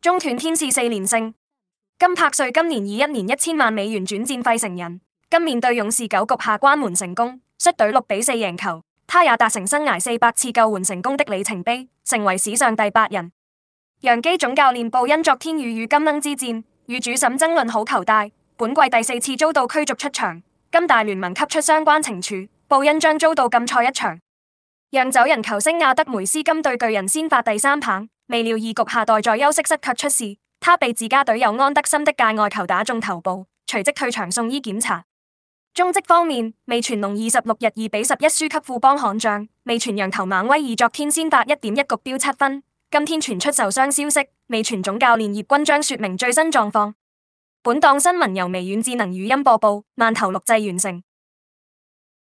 中斷天使四連勝，金柏瑞今年以一年一千萬美元轉戰費城人，今面對勇士九局下關門成功，率隊六比四贏球，他也達成生涯四百次救援成功的里程碑，成為史上第八人。洋基總教練布恩昨天與與金鶯之戰與主審爭論好球帶，本季第四次遭到驅逐出場，今大聯盟給出相關懲處，布恩將遭到禁賽一場。釀酒人球星阿德梅斯今對巨人先發第三棒，未料二局下待在休息室卻出事，他被自家隊友安德森的界外球打中頭部，隨即退場送醫檢查。中職方面，味全龍二十六日二比十一輸給富邦悍將，味全洋投孟威爾昨天先發一點一局丟七分，今天傳出受傷消息，味全總教練葉君將說明最新狀況。本檔新聞由微軟智能語音播報，慢頭錄製完成。